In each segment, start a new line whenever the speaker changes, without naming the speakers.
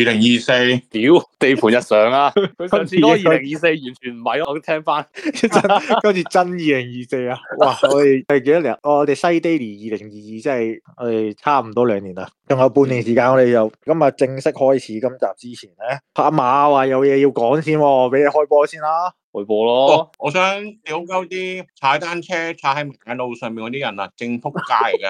二零二四，屌地盤日上啦、啊。佢 上次二零二
四完全唔係我都聽翻。
好 次真二零二四啊！哇，我哋第幾多年？我哋西爹哋二零二二，即係差唔多兩年啦。仲有半年時間，我哋又今日正式開始今集之前咧，拍馬話有嘢要講先、哦，俾你開波先啦。回報咯，
我想屌鳩啲踩單車踩喺馬路上面嗰啲人啊，正撲街嘅，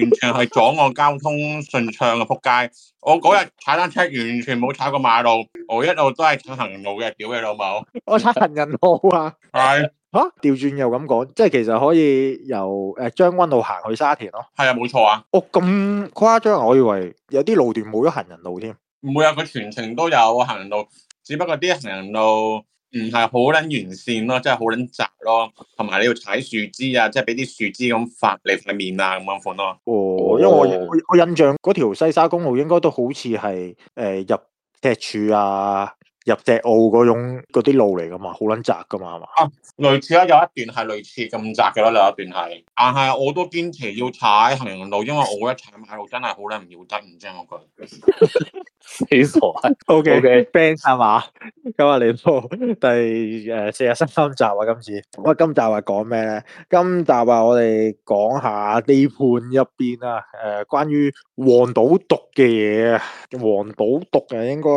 完全係阻礙交通順暢嘅撲街！我嗰日踩單車完全冇踩過馬路，我一路都係踩行人路嘅，屌你老母！
我踩行人路啊，係啊，吓調轉又咁講，即係其實可以由誒將軍路行去沙田咯，
係啊，冇錯
啊，哦咁誇張，我以為有啲路段冇咗行人路添，
唔會啊，佢全程都有行人路，只不過啲行人路。唔係好捻完善咯，即係好捻窄咯，同埋你要踩樹枝啊，即係俾啲樹枝咁拂你塊面啊咁樣款咯。
哦，因為我我印象嗰條西沙公路應該都好似係誒入石柱啊、入石澳嗰種嗰啲路嚟噶嘛，好捻窄噶嘛係嘛？
啊，類似啦，有一段係類似咁窄嘅咯，另一段係。但係我都堅持要踩行人路，因為我一踩馬路真係好捻唔要得，唔知點解。
死傻
啊！O K O K，band 係嘛？咁啊，嚟到第誒四十三集啊，今次我今集話講咩咧？今集啊，我哋講下地盤入邊啊，誒，關於黃賭毒嘅嘢啊。黃賭毒啊，應該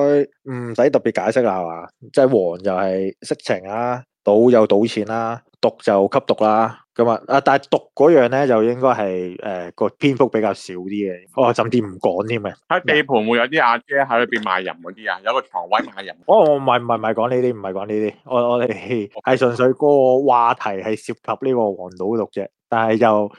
唔使特別解釋啦，係嘛？即係黃就係色情啦，賭又賭錢啦，毒就吸毒啦。咁啊！啊，但係毒嗰樣咧，就應該係誒個篇幅比較少啲嘅。哦，甚至唔講添。
喺地盤會有啲阿姐喺裏邊賣淫嗰啲啊？有個床位賣
淫？哦，唔係唔係唔係講呢啲，唔係講呢啲。我我哋係純粹個話題係涉及呢個黃賭毒啫。但係就誒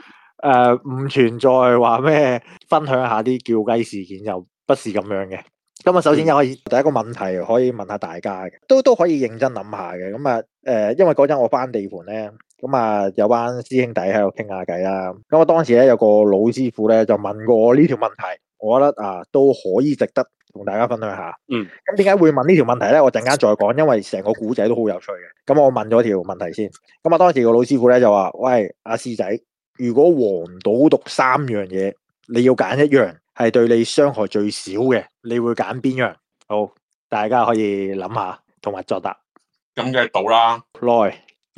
唔，呃、存在話咩？分享下啲叫雞事件，又不是咁樣嘅。今、嗯、日、嗯、首先又可以第一個問題可以問下大家嘅，都都可以認真諗下嘅。咁啊誒，因為嗰陣我翻地盤咧。咁啊，有班師兄弟喺度傾下偈啦。咁我當時咧有個老師傅咧就問過我呢條問題，我覺得啊都可以值得同大家分享下。嗯，咁點解會問呢條問題咧？我陣間再講，因為成個古仔都好有趣嘅。咁我問咗條問題先。咁啊，當時個老師傅咧就話：喂，阿師仔，如果黃賭毒三樣嘢，你要揀一樣，係對你傷害最少嘅，你會揀邊樣？好，大家可以諗下，同埋作答。
咁就賭啦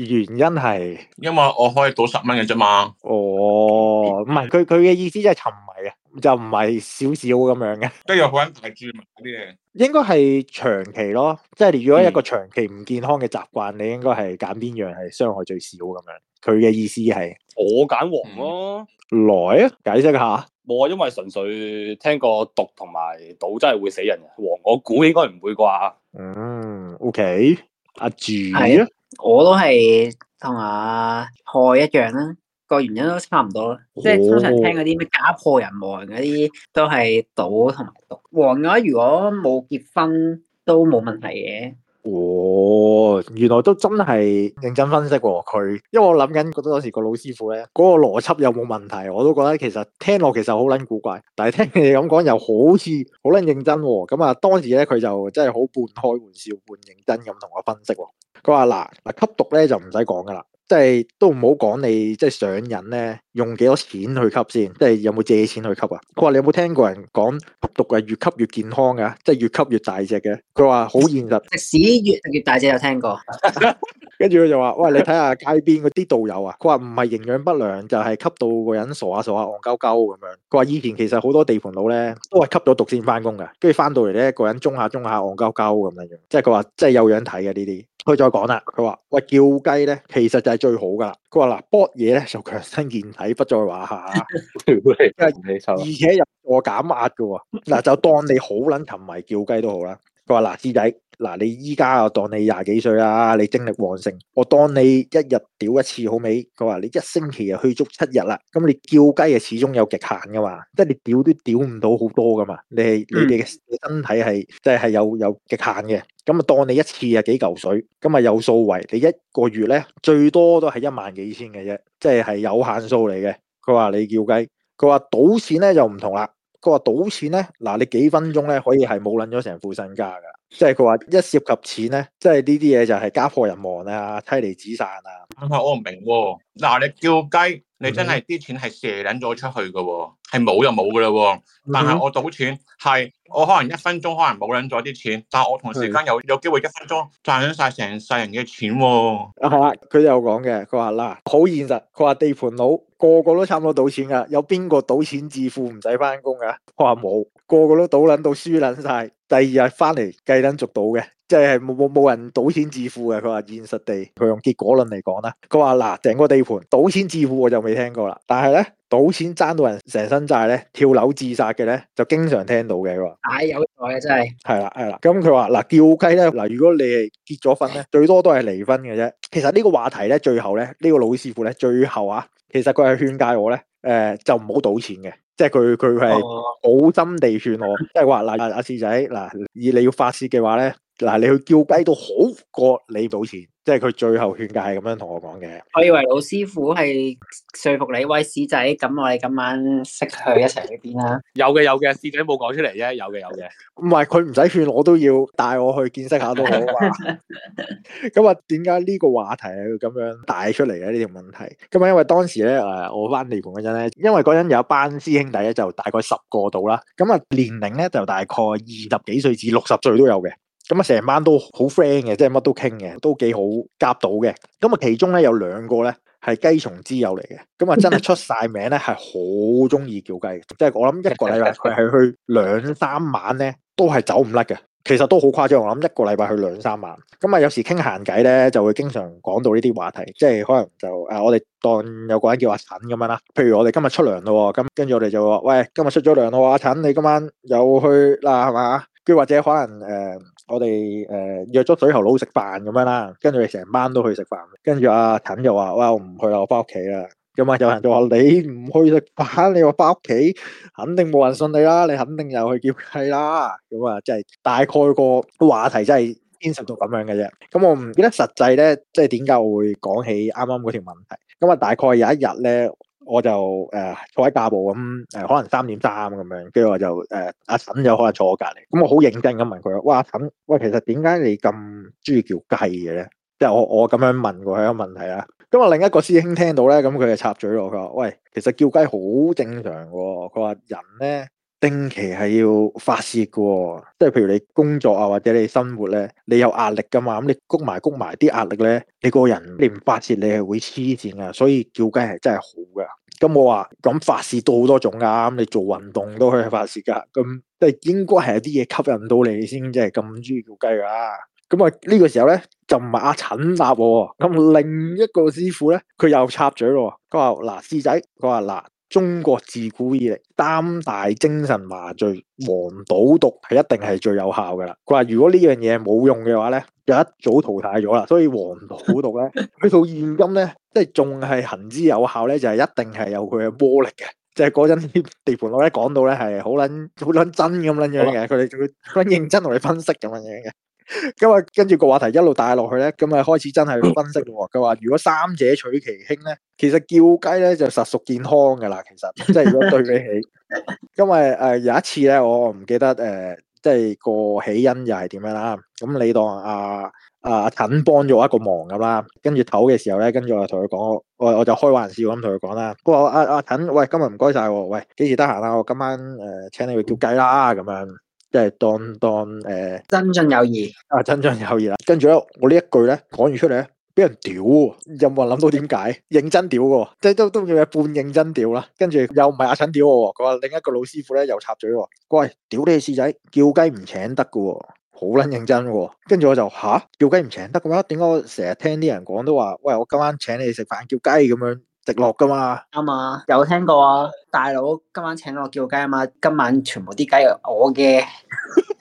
原因係，
因為我可以賭十蚊嘅啫嘛。
哦，唔係，佢佢嘅意思即係沉迷啊，就唔係少少咁樣嘅。
都有好大注啲嘢，
應該係長期咯。即係如果有一個長期唔健康嘅習慣、嗯，你應該係揀邊樣係傷害最少咁樣？佢嘅意思係，我揀黃咯。來啊，解釋下。
我因為純粹聽過毒同埋賭真係會死人嘅。黃我估應該唔會啩。嗯，OK。阿住係咯，
我都係
同阿害一樣啦，個原因都差唔多咯，oh. 即係通常聽嗰啲咩家破人亡嗰啲，都係賭同埋毒。黃嘅話，如果冇結婚都冇問題嘅。
哦，原來都真係認真分析喎。佢，因為我諗緊，覺得當時個老師傅咧，嗰個邏輯有冇問題？我都覺得其實聽落其實好撚古怪，但係聽佢哋咁講，又好似好撚認真。咁啊，當時咧佢就真係好半開玩笑，半認真咁同我分析。佢話嗱，嗱吸毒咧就唔使講㗎喇。即係都唔好講你，即係上癮咧，用幾多錢去吸先？即係有冇借錢去吸啊？佢話你有冇聽過人講吸毒係越吸越健康㗎？即係越吸越大隻嘅？佢話好現實，隻屎越越大隻有聽過。跟住佢就話：喂，你睇下街邊嗰啲導遊啊，佢話唔係營養不良，就係、是、吸到個人傻下傻下，戇鳩鳩咁樣。佢話以前其實好多地盤佬咧，都係吸咗毒先翻工㗎，跟住翻到嚟咧，個人中下中下，戇鳩鳩咁樣。即係佢話，即係有樣睇嘅呢啲。佢再講啦，佢話喂，叫雞咧，其實就係最好噶啦。佢話嗱，搏嘢咧就強身健體，不在話下。
而且
又個減壓噶，嗱 就當你好捻沉迷叫雞都好啦。佢話嗱，師弟。嗱，你依家啊當你廿幾歲啦，你精力旺盛，我當你一日屌一次好未？佢話你一星期就去足七日啦，咁你叫雞啊始終有極限噶嘛，即係你屌都屌唔到好多噶嘛，你你哋嘅身體係即係有有極限嘅，咁啊當你一次啊幾嚿水，咁啊有數為，你一個月咧最多都係一萬幾千嘅啫，即係係有限數嚟嘅。佢話你叫雞，佢話賭錢咧就唔同啦。佢話賭錢咧，嗱你幾分鐘咧可以係冇撚咗成副身家㗎，即係佢話一涉及錢咧，即係呢啲嘢就係、是、家破人亡啊，妻離子
散啊。我唔明喎、哦。嗱，你叫雞。你真係啲錢係射撚咗出去嘅喎、哦，係冇就冇嘅啦。但係我賭錢係我可能一分鐘可能冇撚咗啲錢，但我同時間有的有機會一分鐘賺咗晒成世人嘅錢喎、
哦。係啊，佢又講嘅，佢話嗱好現實，佢話地盤佬個個都差唔多賭錢㗎，有邊個賭錢致富唔使翻工㗎？佢話冇個個都賭撚到輸撚曬，第二日翻嚟繼撚續賭嘅。即係冇冇冇人賭錢致富嘅，佢話現實地，佢用結果論嚟講啦。佢話嗱，整個地盤賭錢致富我就未聽過啦，但係咧賭錢爭到人成身債咧，跳樓自殺嘅咧，就經常聽到嘅。佢話，
哇！唉、哎，有才嘅真係。
係啦係啦，咁佢話嗱叫雞咧嗱，如果你係結咗婚咧，最多都係離婚嘅啫。其實呢個話題咧，最後咧呢、呢個老師傅咧，最後啊，其實佢係勸戒我咧，誒、呃、就唔好賭錢嘅，即係佢佢係好心地勸我，即係話嗱阿阿四仔嗱，以你要發洩嘅話咧。嗱，你去叫雞都好過你賭錢，即係佢最後勸解係咁樣同我講嘅。
我以為老師傅係説服你，喂屎仔，咁我哋今晚
識去一齊去邊啦？ 有嘅有嘅，屎仔冇講出嚟啫。有嘅有嘅，
唔係佢唔使勸我都要帶我去見識下都好啊。咁啊，
點解呢個話題
係咁樣帶出嚟嘅呢、條、這個、問題咁啊，因為當時咧誒，我翻地盤嗰陣咧，因為嗰陣有一班師兄弟咧，就大概十個度啦。咁啊，年齡咧就大概二十幾歲至六十歲都有嘅。咁啊，成晚都好 friend 嘅，即係乜都傾嘅，都幾好夾到嘅。咁啊，其中咧有兩個咧係雞蟲之友嚟嘅，咁 啊真係出晒名咧，係好中意叫雞嘅。即係我諗一個禮拜佢係去兩三晚咧，都係走唔甩嘅。其實都好誇張，我諗一個禮拜去兩三晚。咁啊，有時傾閒偈咧，就會經常講到呢啲話題，即係可能就我哋當有個人叫阿陳咁樣啦。譬如我哋今日出糧喎，咁跟住我哋就話：喂，今日出咗糧咯，阿陳，你今晚有去喇係嘛？跟住或者可能、呃我哋誒約咗水喉佬食飯咁樣啦，跟住你成班都去食飯，跟住阿 kinson 就話：哇，我唔去啦，我翻屋企啦。咁啊，有人就話你唔去食飯，你話翻屋企，肯定冇人信你啦，你肯定又去叫雞啦。咁啊，即係大概個話題，真係牽涉到咁樣嘅啫。咁我唔記得實際咧，即係點解會講起啱啱嗰條問題。咁啊，大概有一日咧。我就、呃、坐喺架步咁可能三點三咁樣，跟住我就誒、呃、阿嬸就可能坐我隔離，咁我好認真咁問佢啦，哇，阿嬸，喂其實點解你咁中意叫雞嘅咧？即係我我咁樣問過佢一個問題啦。咁啊另一個師兄聽到咧，咁佢就插嘴咯。佢話：喂，其實叫雞好正常喎。佢話人咧。定期係要發泄嘅，即係譬如你工作啊，或者你生活咧，你有壓力噶嘛？咁你谷埋谷埋啲壓力咧，你個人你唔發泄，你係會黐線啊。所以叫雞係真係好噶。咁我話咁發泄都好多種噶，咁你做運動都可以發泄噶。咁即係應該係有啲嘢吸引到你先，即係咁中意叫雞噶。咁啊呢個時候咧就唔係阿陳立，咁另一個師傅咧佢又插嘴咯。佢話嗱，師仔，佢話嗱。中國自古以嚟，三大精神麻醉，黃賭毒係一定係最有效噶啦。佢話如果呢樣嘢冇用嘅話咧，就一早淘汰咗啦。所以黃賭毒咧，佢到現今咧，即係仲係行之有效咧，就係、是、一定係有佢嘅魔力嘅。就係嗰陣地盤佬咧講到咧係好捻好捻真咁捻樣嘅，佢哋仲會捻認真同你分析咁樣樣嘅。咁啊，跟住個話題一路帶落去咧，咁啊開始真係分析咯。佢話如果三者取其輕咧，其實叫雞咧就實屬健康噶啦。其實即係如果對比起，因為誒有一次咧，我唔記得誒、呃，即係個起因又係點樣啦。咁你當阿、啊、阿、啊啊、陳幫咗我一個忙咁啦，跟住唞嘅時候咧，跟住我就同佢講，我我就開玩笑咁同佢講啦。不過阿阿陳，喂，今日唔該晒，喂，幾時得閒啊？我今晚誒、呃、請你去叫雞啦，咁樣。即、就、係、是、當當誒、欸，真摯友誼啊，真摯友誼啦。跟住咧，我呢一句咧講完出嚟咧，俾人屌，又有冇人諗到點解認真屌嘅？即係都都叫半認真屌啦。跟住又唔係阿陳屌，佢話另一個老師傅咧又插嘴，喂，屌你師仔，叫雞唔請得嘅，好捻認真嘅。跟住我就吓、啊，叫雞唔請得嘅咩？點解我成日聽啲人講都話，喂，我今晚請你食飯叫雞咁樣。直落噶嘛，
啱啊，有聽過啊，大佬
今晚請我叫雞啊嘛，今晚全部啲雞係我嘅，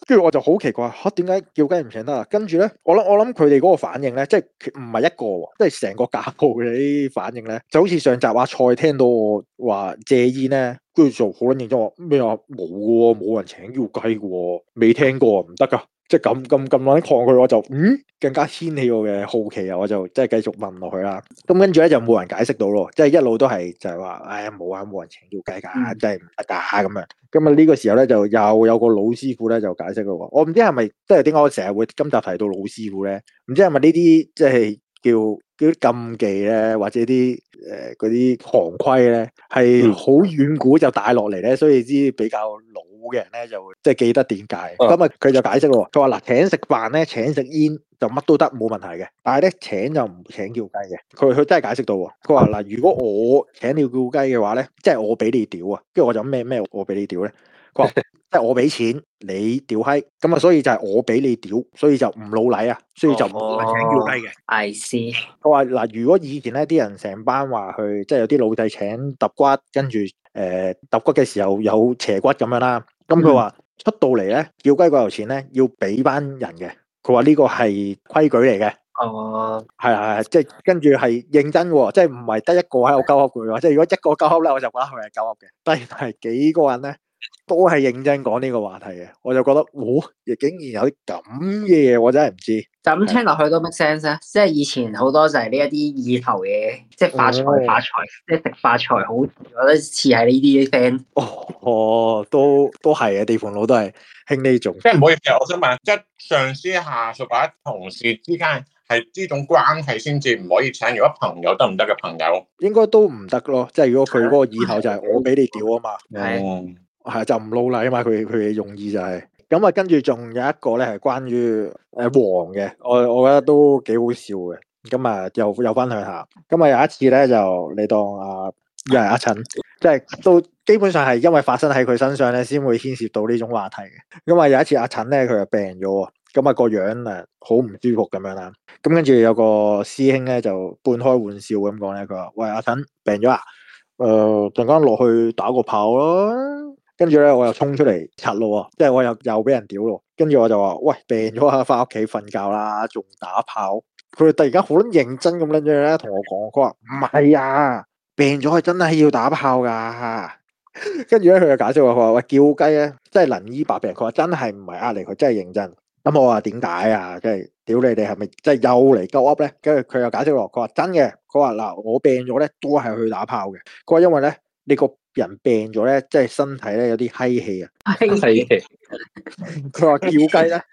跟住我就好奇怪，哈，點解叫雞唔請得啊？跟住咧，我諗我諗佢哋嗰個反應咧，即係唔係一個，即係成個假鋪嘅啲反應咧，就好似上集阿蔡、啊、聽到我話借煙咧，跟住就好認咗我，咩啊，冇個，冇人請叫雞個，未聽過唔得噶。不即係咁咁咁樣抗拒我就嗯更加掀起我嘅好奇啊！我就即係、嗯、繼續問落去啦。咁跟住咧就冇人解釋到咯。即係一路都係就係話，唉冇啊，冇人請要計㗎，真係唔得呀，咁樣。咁啊呢個時候咧就又有個老師傅咧就解釋啦。我唔知係咪即係點解我成日會今集提到老師傅咧？唔知係咪呢啲即係叫嗰啲禁忌咧，或者啲嗰啲行規咧，係好遠古就帶落嚟咧，所以啲比較人咧就會即係記得點解，咁啊佢就解釋咯，佢話嗱，請食飯咧請食煙就乜都得冇問題嘅，但係咧請就唔請叫雞嘅。佢佢真係解釋到，佢話嗱，如果我請你叫雞嘅話咧，即係我俾你屌啊，跟住我就咩咩我俾你屌咧。佢話即係我俾錢 你屌閪，咁啊所以就係我俾你屌，所以就唔老禮啊，所以就唔請叫雞嘅。I see 佢話嗱，如果以前咧啲人成班話去即係有啲老弟請揼骨，跟住誒揼骨嘅時候有斜骨咁樣啦。咁佢話出到嚟咧，要歸國油錢咧，要俾班人嘅。佢話呢個係規矩嚟嘅。
哦、
啊，係啊，即係跟住係認真喎，即係唔係得一個喺度交黑佢喎。即係如果一個交黑咧，我就覺得佢係交黑嘅。但係幾個人咧？都係認真講呢個話題嘅，我就覺得，哦，亦竟然有啲咁嘅嘢，我真係唔知道。咁聽落去都 make sense 咧？即係以前好多就係呢一啲
意頭嘅，即係發財、哦、發財，即係食發財，好，我覺得似係呢啲
friend。哦，都都係啊，地盤佬都係興呢種。
即係唔好意思，我想問，即係上司下屬或者同事之間係呢種關係先至唔可以請？如果朋友得唔得嘅朋友？
應該都唔得咯，即係如果佢嗰個意頭就係我俾你屌啊嘛。係。嗯係就唔露啦嘛，佢佢嘅用意就係咁啊。跟住仲有一個咧，係關於誒黃嘅，我我覺得都幾好笑嘅。咁啊又，又分享一下。咁啊有一次咧就你當啊，又係阿陳，即係都基本上係因為發生喺佢身上咧，先會牽涉到呢種話題。因為有一次阿陳咧，佢就病咗，咁啊個樣誒好唔舒服咁樣啦。咁跟住有個師兄咧就半開玩笑咁講咧，佢話，喂，阿陳病咗啊，誒陣間落去打個炮咯。跟住咧，我又衝出嚟擦咯，即係我又又俾人屌咯。跟住我就話：喂，病咗啊，翻屋企瞓覺啦，仲打炮？佢哋突然間好認真咁樣咧，同我講，佢話唔係啊，病咗係真係要打炮噶。跟住咧，佢又解釋話：佢話喂，叫雞啊，真係能醫百病。佢話真係唔係壓力，佢真係認真。咁我話點解啊？跟住屌你哋係咪真係又嚟鳩噏咧？跟住佢又解釋落，佢話真嘅。佢話嗱，我病咗咧，都係去打炮嘅。佢話因為咧，你個人病咗咧，即係身體咧有啲閪氣啊，閪氣！佢話叫雞咧，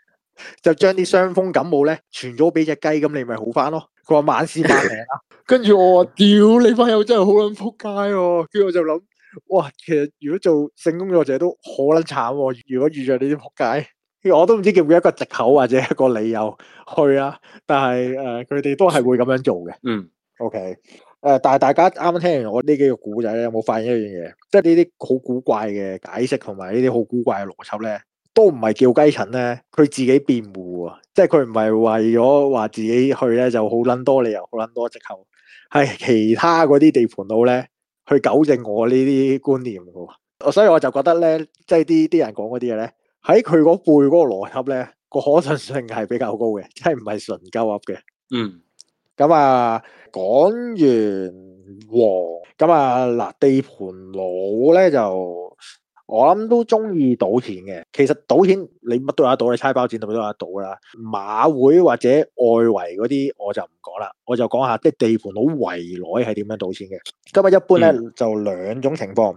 就將啲傷風感冒咧傳咗俾隻雞，咁你咪好翻咯。佢話萬事百靈啊， 跟住我話屌 你班友真係好撚撲街哦！跟住我就諗，哇，其實如果做性工作者都好撚慘，哦，如果遇着你啲撲街，我都唔知叫咩一個藉口或者一個理由去啊。但係誒，佢、呃、哋都係會咁樣做嘅。嗯，OK。誒，但係大家啱啱聽完我呢幾個古仔咧，有冇發現一樣嘢？即係呢啲好古怪嘅解釋，同埋呢啲好古怪嘅邏輯咧，都唔係叫雞蠢咧，佢自己辯護啊！即係佢唔係為咗話自己去咧就好捻多理由，好捻多借口，係其他嗰啲地盤度咧去糾正我呢啲觀念噶。所以我就覺得咧，即係啲啲人講嗰啲嘢咧，喺佢嗰輩嗰個邏輯咧，個可信性係比較高嘅，即係唔係純鳩噏嘅。嗯。咁啊，講完黃，咁啊嗱，地盤佬咧就我諗都中意賭錢嘅。其實賭錢你乜都有得賭，你猜包剪都有得賭啦。馬會或者外圍嗰啲我就唔講啦，我就講下即係地盤佬圍內係點樣賭錢嘅。今日一般咧、嗯、就兩種情況。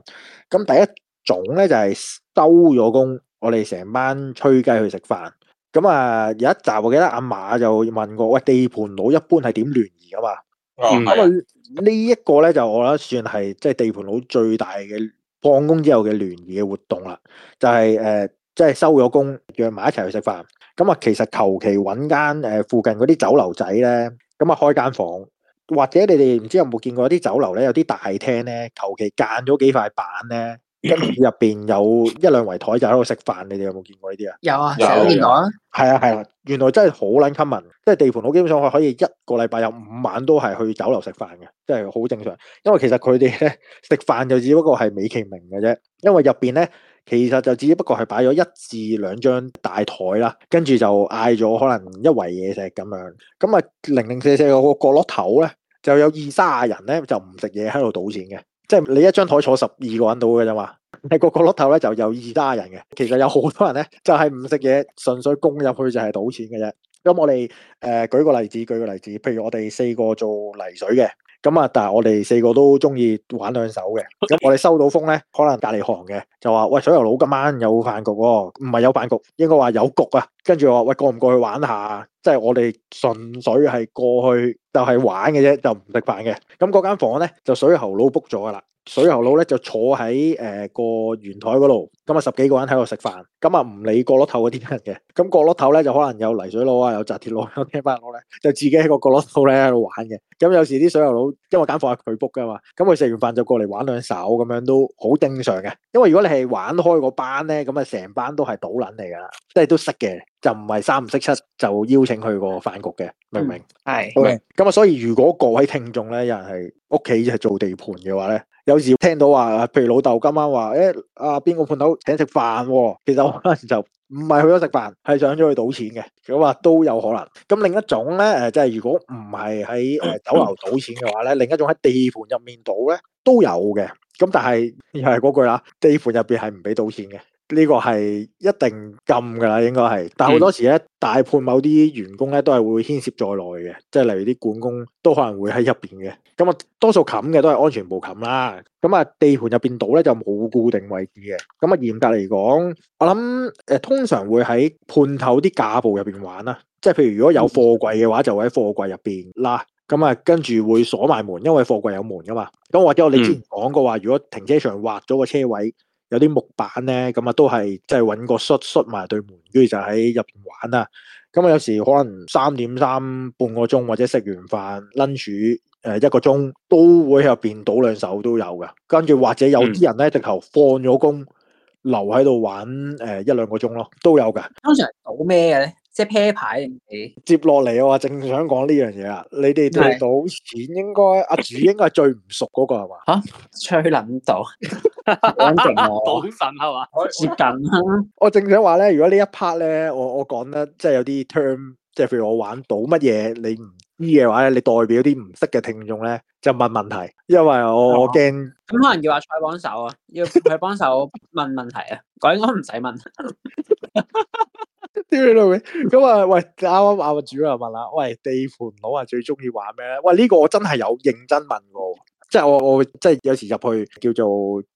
咁第一種咧就係收咗工，我哋成班吹雞去食飯。咁、嗯、啊，有一集我記得阿馬就問過，喂，地盤佬一般係點聯誼噶嘛？咁啊呢一個咧就我覺得算係即係地盤佬最大嘅放工之後嘅聯誼嘅活動啦，就係誒即係收咗工約埋一齊去食飯。咁、嗯、啊，其實求其揾間誒附近嗰啲酒樓仔咧，咁啊開間房，或者你哋唔知有冇見過啲酒樓咧，有啲大廳咧，求其間咗幾塊板咧。跟住入邊有一兩圍台就喺度食飯，你哋有冇見
過呢啲啊？有啊，有啊，
係啊係啊，原來真係好撚 common，即係地盤好基本上可以一個禮拜有五晚都係去酒樓食飯嘅，真係好正常。因為其實佢哋咧食飯就只不過係美其名嘅啫，因為入邊咧其實就只不過係擺咗一至兩張大台啦，跟住就嗌咗可能一圍嘢食咁樣，咁啊零零四四個角落頭咧就有二卅人咧就唔食嘢喺度賭錢嘅。即係你一張台坐十二個人到嘅啫嘛，你個個碌頭咧就有二打人嘅，其實有好多人咧就係唔食嘢，純粹供入去就係賭錢嘅啫。咁我哋誒舉個例子，舉個例子，譬如我哋四個做泥水嘅。咁啊，但係我哋四個都中意玩兩手嘅。咁我哋收到風咧，可能隔籬行嘅就話：喂，水喉佬今晚有飯局喎，唔係有飯局，應該話有局啊。跟住我話：喂，過唔過去玩下？即係我哋純粹係過去就係玩嘅啫，就唔食飯嘅。咁嗰間房咧就水喉佬 book 咗噶啦。水喉佬咧就坐喺誒個圓台嗰度，咁日十幾個人喺度食飯，咁日唔理角落頭嗰啲人嘅，咁角落頭咧就可能有泥水佬啊，有紮鐵佬，有聽翻佬咧，就自己喺個角落頭咧喺度玩嘅。咁有時啲水喉佬因為揀貨係佢 book 噶嘛，咁佢食完飯就過嚟玩兩手咁樣都好正常嘅。因為如果你係玩開個班咧，咁啊成班都係賭撚嚟噶啦，即係都識嘅，就唔係三唔識七，就邀請去個飯局嘅，明唔明？係、嗯，明、okay，嗯。咁啊，所以如果各位聽眾咧，有人係屋企係做地盤嘅話咧。有時聽到話，譬如老豆今晚話，誒、欸，啊，邊個判頭請食飯？啊？其實可能就唔係去咗食飯，係想咗去賭錢嘅。佢話都有可能。咁另一種咧，誒，即係如果唔係喺誒酒樓賭錢嘅話咧，另一種喺地盤入面賭咧都有嘅。咁但係又係嗰句啦，地盤入邊係唔俾賭錢嘅。呢、這個係一定禁㗎啦，應該係。但好多時咧、嗯，大判某啲員工咧都係會牽涉在內嘅，即係例如啲管工都可能會喺入邊嘅。咁啊，多數冚嘅都係安全部冚啦。咁啊，地盤入邊倒咧就冇固定位置嘅。咁啊，嚴格嚟講，我諗誒通常會喺判頭啲架部入邊玩啦。即係譬如如果有貨櫃嘅話，就會喺貨櫃入邊嗱。咁、嗯、啊，跟住會鎖埋門，因為貨櫃有門噶嘛。咁或者我哋之前講過話，如果停車場劃咗個車位。有啲木板咧，咁啊都係即係搵個摔摔埋對門，跟住就喺入邊玩啦。咁、嗯、啊，嗯、有時候可能三點三半個鐘，或者食完飯 lunch 誒一個鐘，都會喺入邊倒兩手都有嘅。跟住或者有啲人咧，直頭放咗工留喺度玩誒一兩個鐘咯，都有嘅。通常賭咩嘅咧？
即 pair 牌嚟
接落嚟，我話正想講呢樣嘢啊！你哋賭錢應該 阿主應該係最唔熟嗰、嗰個係嘛？吹、啊、最到，度 著我。反 正我賭神係嘛？接近我正想話咧，如果呢一呢一 part 咧，我我講得即係有啲 term 即係譬如我玩到乜嘢你唔知嘅話咧，你代表啲唔識嘅聽眾咧，就問問題，因為我我驚。
咁 可能要話採幫手啊？要佢幫手問問題啊？我 應該唔使問。
屌你老味，咁啊喂，啱啱阿個主又問啦，喂，地盤佬係最中意玩咩咧？喂呢個我真係有認真問過，即係我我即係有時入去叫做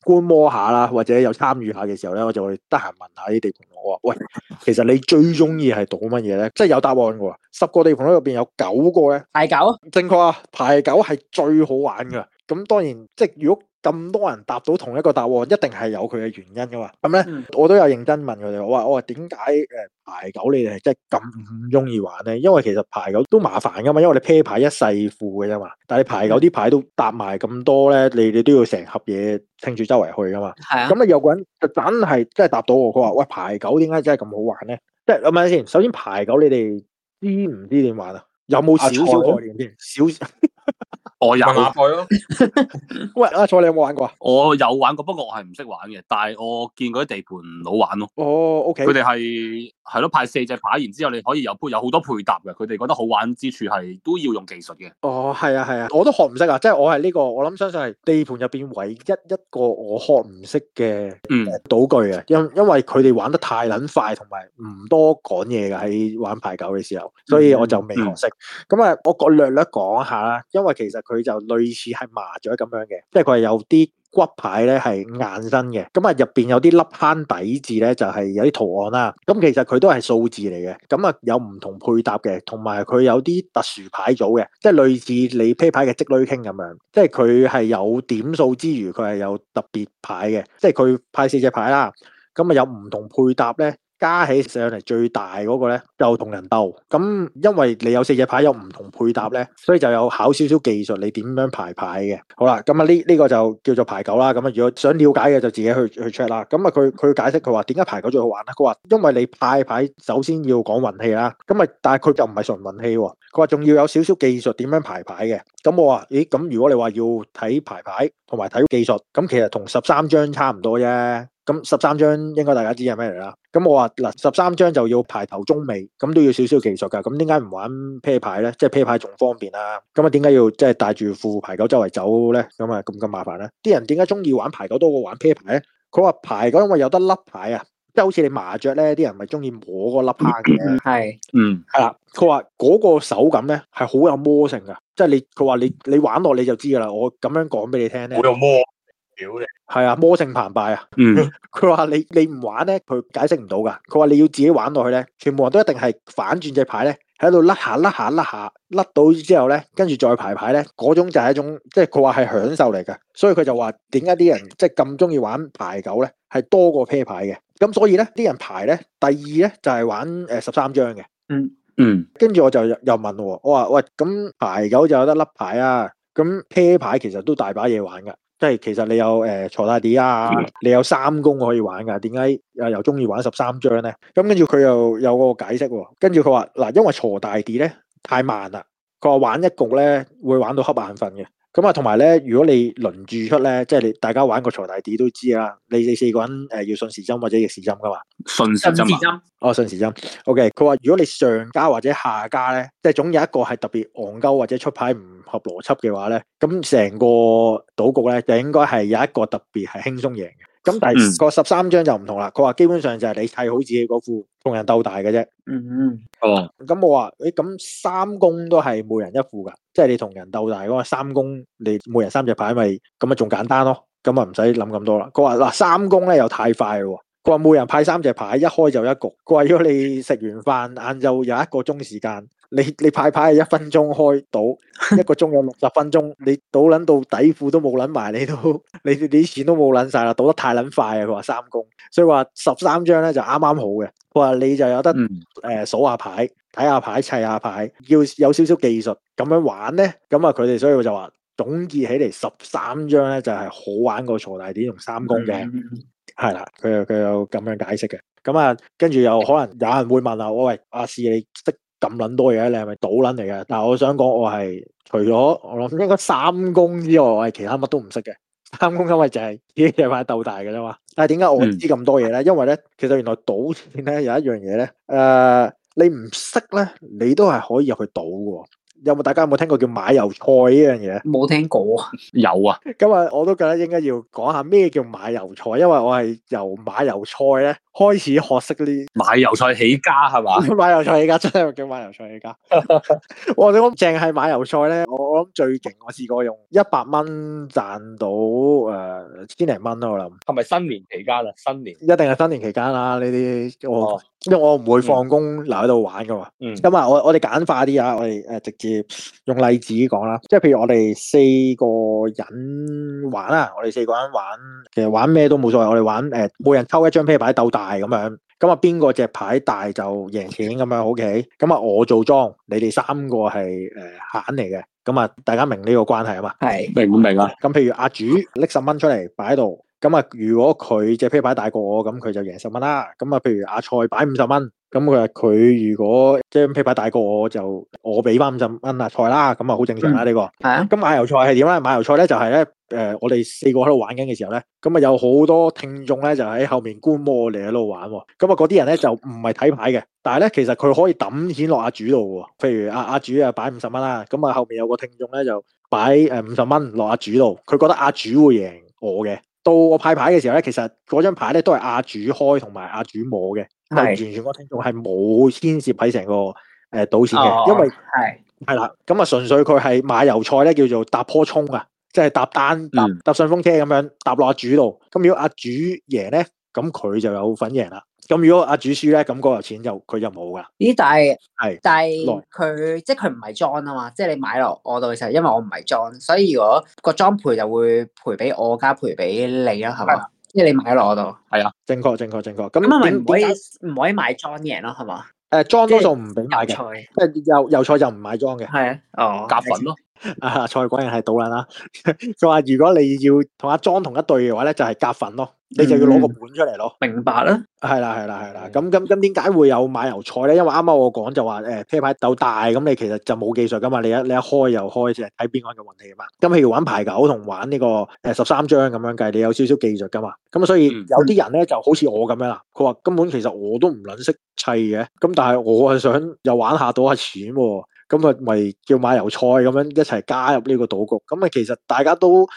觀摩下啦，或者有參與下嘅時候咧，我就會得閒問下啲地盤佬，我話喂，其實你最中意係賭乜嘢咧？即係有答案嘅，十個地盤佬入邊有九個咧，排九，正確啊，排九係最好玩噶，咁當然即係如果。咁多人答到同一個答案，一定係有佢嘅原因噶嘛？咁咧，嗯、我都有認真問佢哋，我話我話點解牌九你哋真係咁唔中意玩咧？因為其實牌九都麻煩噶嘛，因為你啤牌一細副嘅啫嘛。但係牌九啲牌都搭埋咁多咧，你你都要成盒嘢拎住周圍去噶嘛。係啊。咁啊有個人就真係真係答到我，佢話喂，牌九點解真係咁好玩咧？即係諗下先，首先牌九你哋知唔知點玩啊？有冇少少概念
先？少，
少，
啊、少少 我有。麻雀咯。啊、 喂，阿、啊、蔡你有冇玩過啊？我有玩過，不過我係唔識玩嘅。但係我見嗰啲地盤好玩咯。哦。哦，OK。佢哋係係咯，派四隻牌，然之後你可以有有好多配搭嘅。佢哋覺得好玩之處係都要用技術嘅。哦，
係啊，係啊，我都學唔識啊。即、就、係、是、我係呢、這個，我諗相信係地盤入邊唯一一個我學唔識嘅賭具啊。因因為佢哋玩得太捻快，同埋唔多講嘢噶，喺玩牌九嘅時候，所以我就未學識。嗯嗯咁啊，我講略略講下啦，因為其實佢就類似係麻雀咁樣嘅，即係佢係有啲骨牌咧係硬身嘅，咁啊入邊有啲粒坑底字咧就係有啲圖案啦，咁其實佢都係數字嚟嘅，咁啊有唔同配搭嘅，同埋佢有啲特殊牌組嘅，即係類似你啤牌嘅積女傾咁樣，即係佢係有點數之餘，佢係有特別牌嘅，即係佢派四隻牌啦，咁啊有唔同配搭咧。加起上嚟最大嗰個咧，就同人鬥。咁因為你有四隻牌有唔同配搭咧，所以就有考少少技術，你點樣排牌嘅。好啦，咁啊呢呢個就叫做排九啦。咁啊，如果想了解嘅就自己去去 check 啦。咁啊，佢佢解釋佢話點解排九最好玩咧？佢話因為你派牌首先要講運氣啦。咁啊，但係佢就唔係純運氣喎。佢話仲要有少少技術點樣排牌嘅。咁我話：咦，咁如果你話要睇排牌同埋睇技術，咁其實同十三張差唔多啫。咁十三張應該大家知係咩嚟啦？咁我話嗱，十三張就要排頭中尾，咁都要少少技術噶。咁點解唔玩啤牌咧？即係啤牌仲方便啦，咁啊，點解要即係帶住副牌九周圍走咧？咁啊，咁咁麻煩咧？啲人點解中意玩牌九多過玩啤牌呢？佢話牌九因為有得甩牌啊，即係好似你麻雀咧，啲人咪中意摸嗰粒牌嘅。係，嗯，係啦。佢話嗰個手感咧係好有魔性噶，即係你佢話你你玩落你就知噶啦。我咁樣講俾你聽咧。有魔。表係啊，魔性澎湃啊！
嗯
佢話你你唔玩咧，佢解釋唔到噶。佢話你要自己玩落去咧，全部人都一定係反轉隻牌咧，喺度甩下甩下甩下甩到之後咧，跟住再排牌咧，嗰種就係一種即係佢話係享受嚟噶。所以佢就話，點解啲人即係咁中意玩牌九咧，係多過啤牌嘅。咁所以咧，啲人排咧，第二咧就係玩誒十三張嘅。嗯嗯，跟住我就又問咯，我話喂，咁牌九就有得甩牌啊，咁啤牌其實都大把嘢玩噶。即係其實你有誒鋤、呃、大啲啊，你有三公可以玩㗎。點解又又中意玩十三張咧？咁跟住佢又有個解釋喎。跟住佢話嗱，因為鋤大啲咧太慢啦。佢話玩一局咧會玩到瞌眼瞓嘅。咁啊，同埋咧，如果你輪住出咧，即係你大家玩個鋤大啲都知啦。你哋四個人誒要順時針或者逆時針㗎嘛？順時針，啊。哦，順時針。OK。佢話如果你上家或者下家咧，即係總有一個係特別憨鳩或者出牌唔～合邏輯嘅話咧，咁成個賭局咧就應該係有一個特別係輕鬆贏嘅。咁第二個十三張就唔同啦，佢話基本上就係你砌好自己嗰副，同人鬥大嘅啫。
嗯
嗯，哦、啊。咁我話誒，咁、欸、三公都係每人一副噶，即、就、係、是、你同人鬥大嗰個三公，你每人三隻牌咪咁咪仲簡單咯。咁啊唔使諗咁多啦。佢話嗱，三公咧又太快咯。佢話每人派三隻牌，一開就一局，貴咗你食完飯晏晝有一個鐘時間。你你派牌係一分鐘開到一個鐘，有六十分鐘，你賭撚到底褲都冇撚埋，你都你你啲錢都冇撚晒啦，賭得太撚快啊！佢話三公，所以話十三張咧就啱啱好嘅。佢話你就有得誒、嗯、數下牌，睇下牌，砌下牌，要有少少技術咁樣玩咧。咁啊，佢哋所以佢就話總結起嚟十三張咧就係好玩過鋤大 D 用三公嘅，係、嗯、啦。佢佢有咁樣解釋嘅。咁啊，跟住又可能有人會問啊，喂阿士你識，咁撚多嘢，你係咪賭撚嚟嘅？嗯、但我想講，我係除咗我諗應該三公之外，我係其他乜都唔識嘅。三公、就係 已為嗯、因為就係呢一塊鬥大嘅啫嘛。但係點解我知咁多嘢咧？因為咧，其實原來賭錢咧有一樣嘢咧，誒、呃，你唔識咧，你都係可以入去賭喎。有冇大家有冇聽過叫買油菜呢樣嘢？冇聽過、
啊。有啊 。
咁我都覺得應該要講下咩叫買油菜，因為我係由買油菜咧，開始學識呢，
買油菜起家係嘛？買油菜起家，買油菜起家真係叫買油菜起家。
我哋咁淨係買油菜咧，我我諗最勁。我試過用一百蚊賺到誒、呃、千零蚊啦。我諗
係咪新年期間啦？新年
一定係新年期間啦。呢啲、哦、因為我唔會放工留喺度玩噶嘛。咁、嗯、啊，我我哋簡化啲啊，我哋誒直接用例子講啦。即係譬如我哋四個人玩呀，我哋四個人玩其實玩咩都冇所謂。我哋玩誒，每人抽一張啤牌鬥大。大咁樣，咁啊邊個隻牌大就贏錢咁樣，OK？咁啊我做莊，你哋三個係誒閒嚟嘅，咁、呃、啊大家明呢個關係啊嘛？係明唔明啊？咁譬如阿主搦十蚊出嚟擺喺度，咁啊如果佢隻啤牌大過我，咁佢就贏十蚊啦。咁啊譬如阿蔡擺五十蚊。咁佢話佢如果將啤牌大過我，我就我俾翻五十蚊啊菜啦，咁啊好正常啦呢個、嗯。啊，咁買油菜係點啊？買油菜咧就係、是、咧、呃、我哋四個喺度玩緊嘅時候咧，咁啊有好多聽眾咧就喺後面觀摩你喺度玩喎。咁啊嗰啲人咧就唔係睇牌嘅，但係咧其實佢可以抌錢落阿主度喎。譬如阿阿主啊擺五十蚊啦，咁啊後面有個聽眾咧就擺五十蚊落阿主度，佢覺得阿主會贏我嘅。到我派牌嘅時候咧，其實嗰張牌咧都係阿主開同埋阿主摸嘅，係完全我聽眾係冇牽涉喺成個誒賭錢嘅，因為係係啦，咁啊純粹佢係買油菜咧叫做搭坡沖啊，即係搭單搭搭順風車咁樣搭落阿主度，咁如果阿主贏咧，咁佢就有份贏啦。咁如果阿主輸咧，咁嗰筆錢就佢就冇噶。咦？但係係，但係
佢即係佢唔係莊啊嘛，即、就、係、是、你買落我度嘅時候，因為
我唔係莊，
所以如果個莊賠就會賠俾我加賠俾你啦，係嘛？即係、啊、你買落我度。
係啊，正確正確正確。咁咪唔可
以唔可以買莊贏咯，係嘛？
誒、嗯，莊多數唔俾買嘅，即係油菜油，油菜就唔買莊嘅。係啊，哦，夾粉咯。啊，菜果然係賭捻啦。佢 話如果你要同阿莊同一隊嘅話咧，就係夾粉咯。你就要攞個
本出嚟咯，明白啦。
係啦，係啦，係啦。咁咁咁點解會有買油菜咧？因為啱啱我講就話誒啤牌鬥大，咁你其實就冇技術噶嘛。你一你一開又開啫，睇邊個嘅運氣啊嘛。咁譬如玩排九同玩呢個誒十三張咁樣計，你有少少技術噶嘛。咁所以有啲人咧就好似我咁樣啦。佢話根本其實我都唔撚識砌嘅，咁但係我係想又玩下賭下錢喎。咁啊咪叫買油菜咁樣一齊加入呢個賭局。咁啊其實大家都。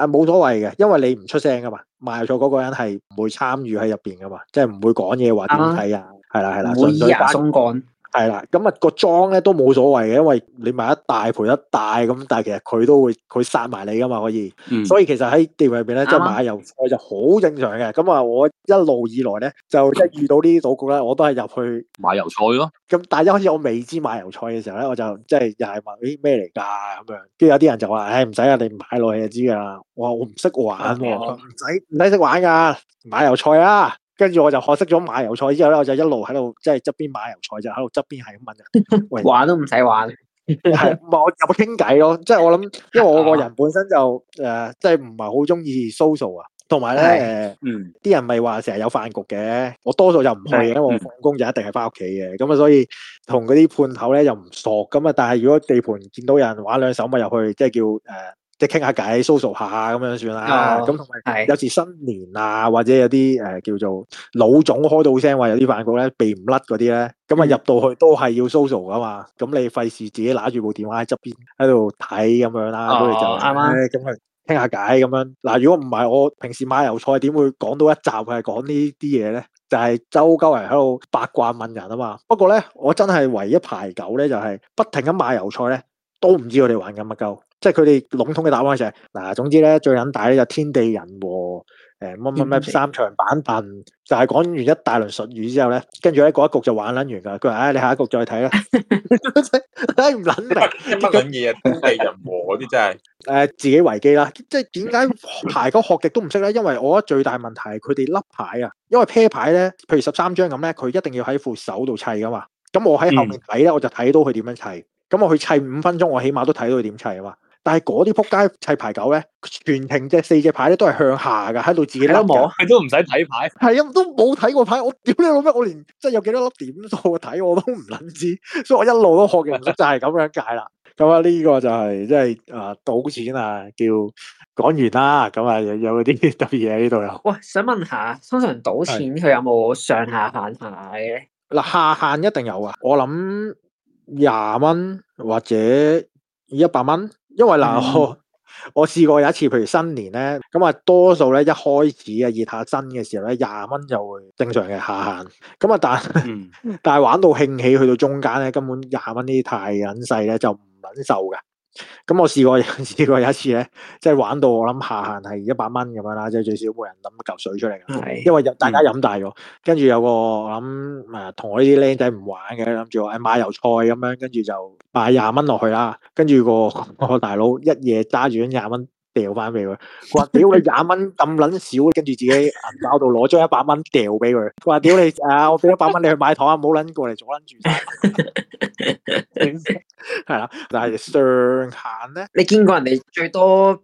啊，冇所謂嘅，因為你唔出聲㗎嘛，賣錯嗰個人係唔會參與喺入面㗎嘛，即係唔會講嘢或者點睇啊。係啦，係啦，純粹中係啦，咁、那、啊個莊咧都冇所謂嘅，因為你買一大賠一大咁，但係其實佢都會佢殺埋你噶嘛。可以。嗯、所以其實喺地位入邊咧，即係買油菜就好正常嘅。咁、嗯、啊，我一路以來咧就即係遇到呢啲賭局咧，我都係入去買油菜咯。咁但係一開始我未知買油菜嘅時候咧，我就即係又係問啲咩嚟噶咁樣，跟住有啲人就話，誒唔使啊，你買落去就知噶啦。我話我唔識玩喎、啊，唔使唔使識玩噶，買油菜啊！跟住我就學識咗買油菜，之後咧我就一路喺度，即係側邊買油菜就喺度側邊係咁問。玩都唔使玩，係唔係？我有冇傾偈咯。即、就、係、是、我諗，因為我個人本身就即係唔係好中意 social 啊。同埋咧啲人咪話成日有飯局嘅，我多數就唔去嘅。因為我放工就一定係翻屋企嘅。咁、嗯、啊，所以同嗰啲判頭咧又唔熟。咁啊，但係如果地盤見到人玩兩手咪入去，即係叫、呃即係傾下偈 social 下咁樣算啦。咁同埋有時新年啊，或者有啲誒、呃、叫做老總開到聲，話有啲飯局咧避唔甩嗰啲咧，咁啊入到去都係要 social 噶嘛。咁你費事自己揦住部電話喺側邊喺度睇咁樣啦，咁你就誒咁去傾下偈咁樣。嗱、哦，如果唔係我平時買油菜點會講到一集係講呢啲嘢咧？就係、是、周鳩人喺度八卦問人啊嘛。不過咧，我真係唯一排狗咧，就係不停咁買油菜咧。都唔知佢哋玩緊乜鳩，即係佢哋籠統嘅答案就係嗱，總之咧最捻大咧就天地人和誒乜乜乜三長板，就係講完一大輪術語之後咧，跟住咧嗰一局就玩捻完噶。佢話唉，你下一局再睇啦。
唉，唔捻明乜捻嘢天地人和嗰啲真
係誒自己維基啦。即係點解排哥學極都唔識咧？因為我覺得最大問題係佢哋笠牌啊。因為 pair 牌咧，譬如十三張咁咧，佢一定要喺副手度砌噶嘛。咁我喺後面睇咧、嗯，我就睇到佢點樣砌。咁我去砌五分鐘，我起碼都睇到佢點砌啊嘛！但係嗰啲撲街砌牌九咧，全停即四隻牌咧都係向下噶，喺度自己都望，
你都唔使睇牌，
係啊，都冇睇過牌。我屌你老咩！我連即係有幾多粒點數睇我都唔撚知，所以我一路都學嘅就係咁樣解啦。咁、 就係就係、啊，呢個就係即係啊賭錢啊，叫講完啦。咁啊，有啲特別嘢喺呢度又。
喂，想問下，
通常賭錢佢
有冇上下限
牌？嗱，下限一定有啊，我諗。廿蚊或者一百蚊，因為嗱、嗯、我我試過有一次，譬如新年咧，咁啊多數咧一開始啊熱下身嘅時候咧，廿蚊就會正常嘅下限，咁啊但、嗯、但係玩到興起去到中間咧，根本廿蚊呢啲太揾細咧，就唔揾受嘅。咁我試過試過有一次咧，即係玩到我諗下限係一百蚊咁樣啦，即係最少冇人諗一嚿水出嚟、嗯、因為大家飲大咗，跟住有個我諗誒，同我啲僆仔唔玩嘅，諗住係買油菜咁樣，跟住就買廿蚊落去啦，跟住、嗰個、 個大佬一夜揸住咗廿蚊。掉翻俾佢，佢話屌你廿蚊咁撚少，跟住自己銀包度攞咗一百蚊掉俾佢，佢話屌你啊，我俾一百蚊你去買糖啊，唔好撚過嚟阻撚住。係 啦， 但係上限咧，你見過人哋最多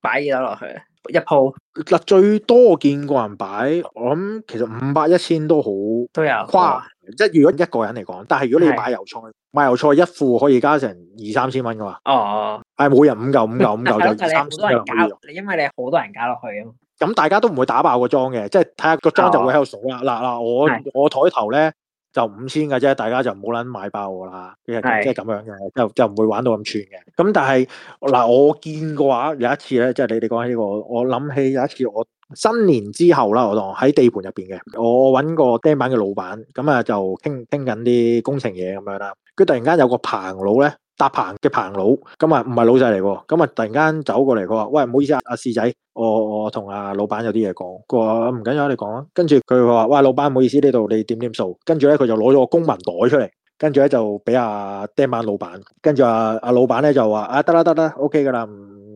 擺嘢落去？一鋪嗱，最多見過人擺，我諗其實五百一千都好都有，誇，即係如果一個人嚟講，但係如果你要買油菜，買油菜一副可以加成二三千蚊噶嘛。哦，係、哎、每人五嚿，五嚿，五 嚿三，就三嚿，五，
你因為你係好多人加落去啊，
咁大家都唔會打爆個莊嘅，即係睇下個莊就會喺度數啦。嗱、哦、嗱，我我抬頭咧。就五千嘅啫，大家就唔好捻買爆我啦，即係咁樣嘅，就、就唔會玩到咁串嘅。咁但係嗱，我見過話有一次咧，即、就、係、是、你你講呢、呢個，我諗起有一次我新年之後啦，我當喺地盤入邊嘅，我我揾個釘板嘅老闆，咁啊就傾傾緊啲工程嘢咁樣啦，佢突然間有個棚佬咧。搭棚嘅棚佬，咁啊唔係老細嚟喎，咁啊突然間走過嚟，佢話喂唔好意思啊，阿四仔，我我同阿老闆有啲嘢講，佢話唔緊要，你講啦。跟住佢話，喂，老闆唔好意思，呢度你點點數。跟住咧，佢就攞咗個公文袋出嚟，跟住咧就俾阿爹班老闆，跟住阿阿老闆咧就話，啊得啦得啦，OK 噶啦。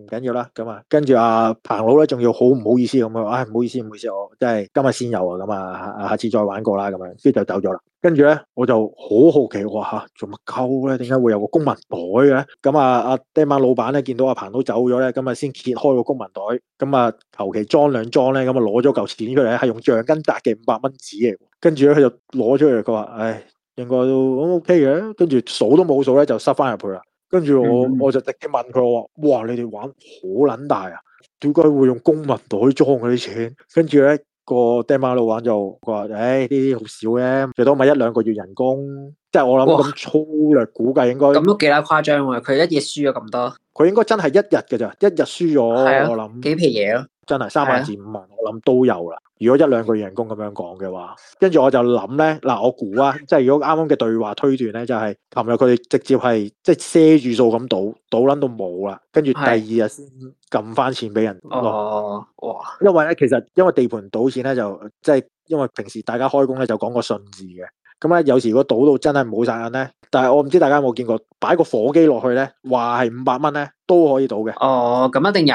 緊要啦，咁啊，跟住阿彭佬咧，仲要好唔好意思咁啊，唉，唔好意思，唔好意思，我即係今日先有啊，咁啊，下次再玩過啦，咁樣，跟住就走咗啦。跟住咧，我就好好奇話吓，做乜鳩咧？點解會有個公文袋嘅？咁啊，阿爹媽老闆咧見到阿彭佬走咗咧，咁啊先揭開個公文袋，咁啊求其裝兩裝咧，咁啊攞咗嚿錢出嚟咧，係用橡筋紮嘅五百蚊紙嚟。跟住咧，佢就攞出嚟，佢話唉，應該都 O K 嘅。跟住數都冇數咧，就塞翻入去啦。跟住我我就直接問佢：我話，哇！你哋玩好撚大啊？點解會用公文袋裝佢啲錢？跟住咧個掟馬路玩就佢話，唉，呢啲好少嘅，最多咪一兩個月人工。即係我諗咁粗略估計應該。咁都
幾拉誇張喎！佢一夜輸咗咁多。
佢應該真係一日嘅咋？一日輸咗，我諗。幾皮嘢咯。真係三萬至五萬，啊、我諗都有啦。如果一兩個人工咁樣講嘅話，跟住我就諗咧，嗱我估啊，即係如果啱啱嘅對話推斷咧，就係琴日佢哋直接係即係賒住數咁賭，賭捻到冇啦，跟住第二日先撳翻錢俾人。哦，哇！因為咧，其實因為地盤賭錢咧，就即係因為平時大家開工咧就講個信字嘅。咁呢，有時候如果賭到真係冇散銀，咧，但係我唔知大家有冇見過，擺個火機落去咧，話係五百蚊咧都可以賭嘅。哦，咁一定有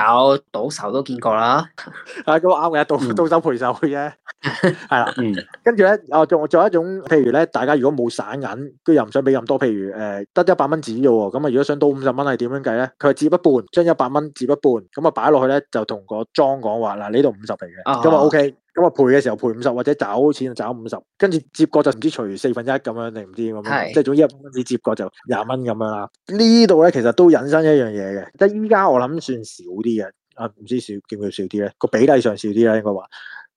賭手都見過啦。 啊，咁啱嘅，賭賭、嗯、手賠手嘅啫。係 啦，嗯。跟住咧，我仲仲有一種，譬如咧，大家如果冇散銀，跟又唔想俾咁多，譬如誒得一百蚊紙嘅，咁、呃、啊如果想賭五十蚊係點樣計咧？佢話折一半，將一百蚊折一半，咁啊擺落去咧就同個莊講話嗱，呢度五十嚟嘅。咁啊 O K。咁啊賠嘅時候賠五十或者找錢賺50，就找五十，跟住接過就唔知除四分一咁樣定唔知咁樣，樣即係總之一蚊紙接過就廿蚊咁樣啦。呢度咧其實都引申一樣嘢嘅，即係依家，我諗算少啲嘅，啊唔知少叫佢叫少啲咧？個比例上少啲啦，應該話，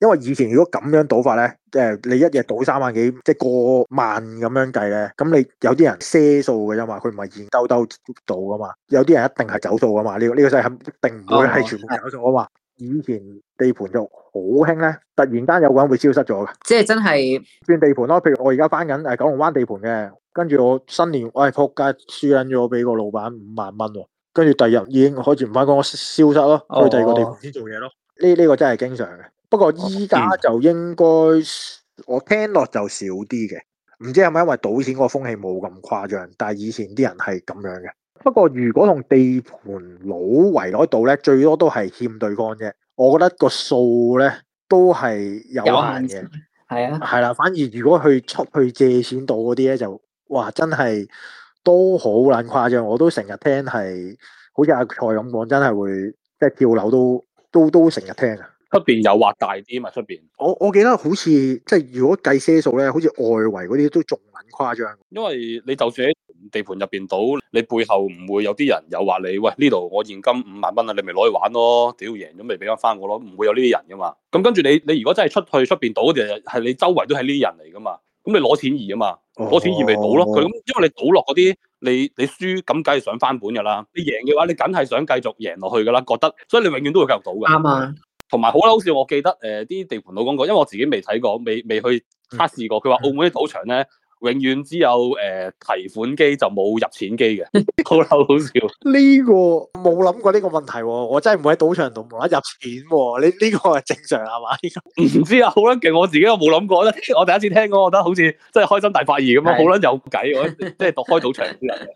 因爲以前如果咁樣賭法咧，即係你一日賭三萬幾，即係過萬咁樣計咧，咁你有啲人賒數嘅嘛，佢唔係現兜兜賭噶嘛，有啲人一定係走數噶嘛，呢個呢個世係一定唔會係全部走數啊嘛。哦哦以前地盤就好興咧，突然間有個人會消失咗嘅，即係真係轉地盤咯。譬如我而家翻緊誒九龍灣地盤嘅，跟住我新年我喂撲街輸緊咗俾個老闆五萬蚊喎，跟住第二日已經開始唔翻工，我消失咯，哦，去第二個地盤先做嘢咯。呢、呢、呢、個呢個真係經常嘅，不過依家就應該、嗯、我聽落就少啲嘅，唔知係咪因為賭錢個風氣冇咁誇張，但係以前啲人係咁樣嘅。不過如果用地盤佬圍嗰度咧，最多都係欠對方啫。我覺得個數咧都係有限嘅，係啊，係啦。反而如果去出去借錢到嗰啲咧，就哇真係都好捻誇張。我都成日聽係，好似阿蔡咁講，真係會即係跳樓都都都成日聽啊。
出邊誘惑大啲嘛？出邊
我我記得好似即係如果計些數咧，好似外圍嗰啲都仲捻誇張。
因為你就算地盤入邊賭，你背後唔會有啲人又話你。喂，呢度我現金五萬蚊啊，你咪攞去玩咯。屌，贏咗咪俾翻返我咯，唔會有呢啲人噶嘛。咁跟住你，你如果真係出去出邊賭，嘅，係你周圍都係呢啲人嚟噶嘛。咁你攞錢易啊嘛，攞錢易咪、哦、賭咯。佢、哦、咁、哦，因為你賭落嗰啲，你你輸咁梗係想翻本㗎啦。你贏嘅話，你梗係想繼續贏落去㗎啦。覺得，所以你永遠都會繼續賭㗎。啱、嗯、啊。同埋好啦，好似我記得誒啲、呃、地盤佬闆講過，因為我自己未睇過，未未去測試過。佢話澳門啲賭場咧。永遠只有誒、呃、提款機就冇入錢機嘅，好嬲好笑、， 這
個。呢個冇諗過呢個問題、啊，我真係唔會喺賭場度冇得入錢、啊。你呢、這個係正常係嘛？唔
知道啊，好撚勁！我自己又冇諗過咧，我第一次聽過，我覺得好似真係開心大發現咁 啊，好撚有計啊！即係度開賭場啲人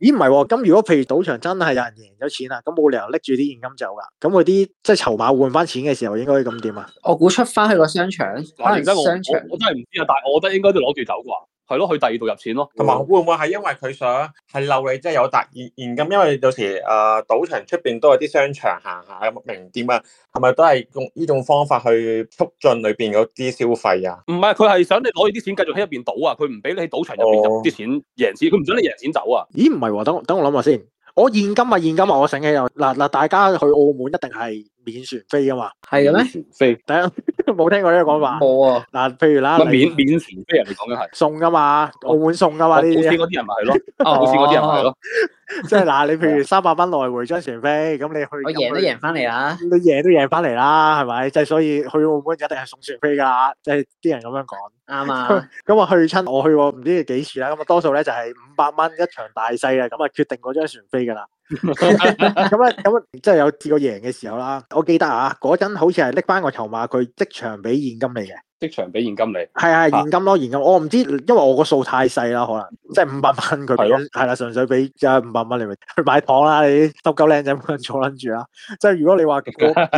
咦？唔係喎，咁如果譬如賭場真係有人
贏咗錢那啊，咁冇理由拎住啲現金走噶。
咁佢啲即係籌碼換翻錢嘅時候，應該咁點啊？我估出翻去個商場，
可能商場我，我，我真係唔知道 啊，但係我覺得應該都攞住走啩。係咯，去第二度入錢咯，同、嗯、埋會唔會係因為佢想係漏你即係有達現現金？因為到時誒賭、呃、場出邊都有啲商場行下咁名店啊，係咪都係用呢種方法去促進裏邊嗰啲消費啊？
唔係，佢係想你攞咗啲錢繼續喺入邊賭啊！佢唔俾你喺賭場裡面入邊啲錢贏錢，佢唔想你贏錢走啊？
咦？唔係喎，等等我諗下先。我現金啊，現金啊，我醒起嗱嗱，大家去澳門一定係。免船飛啊嘛，係嘅咩？船飛，第一冇聽過呢個講法。冇啊。嗱，譬如啦，免免，免
船飛人哋講
嘅係送㗎嘛，澳門送㗎嘛，好似嗰啲
人買咯， 啊，嗰啲人買咯。哦
即係嗱，你譬如三百蚊來回張船飛，咁你去，我贏都贏翻嚟啦，你贏都贏翻嚟啦，係咪？即係所以去澳門一定係送船飛噶即係啲人咁樣講。啱啊！咁我去親，我去過唔知幾次啦。咁啊，多數咧就係五百蚊一場大細嘅，咁啊決定嗰張船飛噶啦。咁 咧， 咁即係有試過贏嘅時候啦。我記得啊，嗰陣好似係搦翻個籌碼，佢即場俾現金你
嘅。即場俾現金你，係
啊，現金咯，現金我唔知，因為我個數太細啦，可能即係五百蚊佢，係啦，純粹俾即五百蚊你咪、就、去、是、買糖啦，你揼夠靚仔冇人坐撚住啦。即係如果你話幾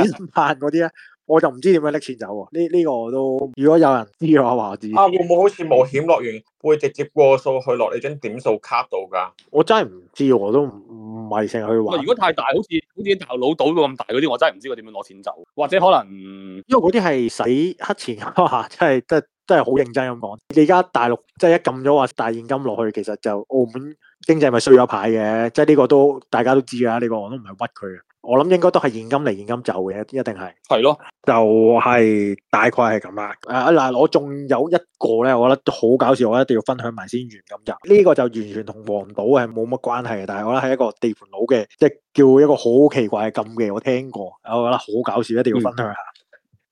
十萬嗰啲咧。 我就唔知點樣拎錢走啊！呢、呢、呢個我都如果有人知嘅話，話知啊，會
唔會好似冒險樂園會直接過數去落你張點數卡度噶？
我真係唔知，我都唔係成日去玩。如果
太大，好似好似大
樓島咁大嗰啲，我真係唔知佢點樣攞錢走。或者可
能因為嗰啲係使黑錢啊，真係得。真係好認真咁講，你而家大陸即係一撳咗話大現金落去，其實就澳門經濟咪衰咗排嘅，即係呢個都大家都知噶，呢、這個我都唔係屈佢嘅。我諗應該都係現金嚟現金走嘅，一定係。係咯，就係、是、大概係咁啦。誒、啊，嗱，我仲有一個咧，我覺得好搞笑，我一定要分享埋先。現金入呢個就完全同黃賭係冇乜關係嘅，但係我覺得係一個地盤佬嘅，即、就、係、是、叫一個好奇怪嘅禁忌，我聽過，我覺得好搞笑，一定要分享下。嗯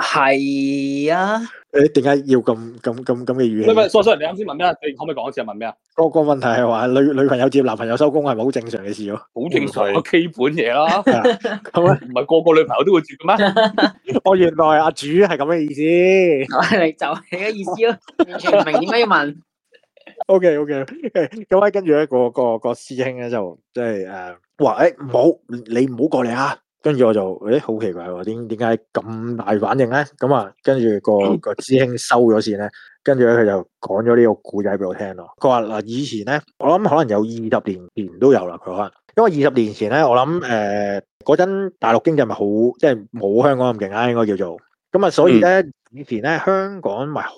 係啊，
誒，點解要咁咁咁咁嘅語氣？唔係唔係，蘇
生，你啱先問咩啊？你可唔可以講一次啊？問咩啊？
個個問題係話女女朋友接男朋友收工係咪好正常嘅事咯，好正常，
基本嘢咯。咁啊，唔係個個女朋友都會接嘅咩？我原來阿主係咁嘅意思，就係咁
嘅意思咯，完全唔明
點解要問。O K O K，咁咧跟住咧個個個師兄咧就即係誒，哇誒，唔好你唔好過嚟啊！跟住我就，誒好奇怪喎，點點解咁大反應咧？咁啊，跟住個個師兄收咗線咧，跟住咧佢就講咗呢個故仔俾我聽咯。佢話嗱，以前咧，我諗可能有二十年前都有啦，佢可能，因為二十年前咧，我諗誒，嗰陣大陸經濟咪好，即係冇香港咁勁啦，應該叫做。咁啊，所以咧、嗯、以前咧香港咪好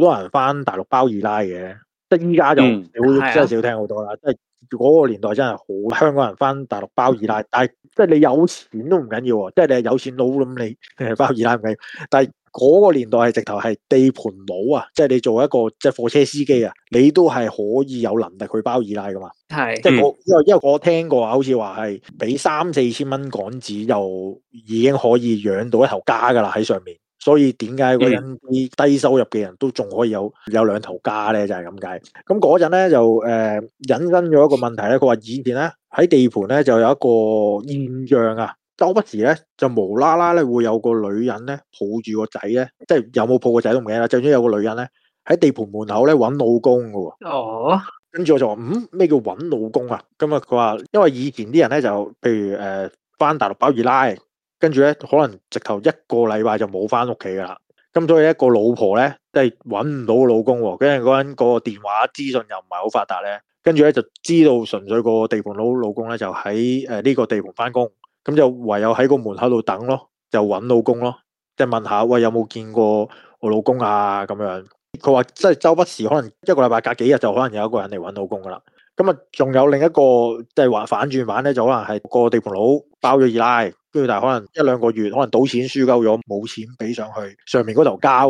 多人翻大陸包二奶嘅，即係依家就少，嗯啊、真係少聽好多啦，即嗰個年代真係好，香港人翻大陸包二奶，但係即係你有錢都唔緊要，即係你係有錢佬咁你包二奶唔緊要，但係嗰個年代係直頭係地盤佬啊，即係你做一個即係貨車司機啊，你都係可以有能力去包二奶噶嘛，
係即係我因
為因為我聽過話，好似話係俾三四千蚊港紙就已經可以養到一頭家噶啦喺上面。所以點解嗰啲低收入嘅人都仲可以有有兩頭家咧，就係、是、咁解。咁嗰陣咧就誒、呃、引申咗一個問題咧，佢話以前咧喺地盤咧就有一個現象啊，周不時咧就無啦啦咧會有個女人咧抱住個仔咧，即係有冇抱個仔都唔記得啦。就算有個女人咧喺地盤門口咧揾老公嘅喎。哦。跟住我就話：嗯，咩叫揾老公啊？咁啊，佢話因為以前啲人咧就譬如誒返、呃、大陸包二奶。跟住咧，可能直頭一個禮拜就冇翻屋企噶啦。咁所以一個老婆咧，即係搵唔到老公。跟住嗰陣個人電話資訊又唔係好發達咧，跟住咧就知道純粹個地盤佬老公咧就喺誒呢個地盤翻工，咁就唯有喺個門口度等咯，就搵老公咯，即係問下喂，有冇見過我老公啊？咁樣。佢話即係周不時可能一個禮拜隔幾日就可能有一個人嚟搵老公噶啦。咁啊，仲有另一個即係話反轉版咧，就可能係個地盤佬佬包咗二奶，跟住但係可能一兩個月可能賭錢輸夠咗，冇錢俾上去，上面嗰頭家，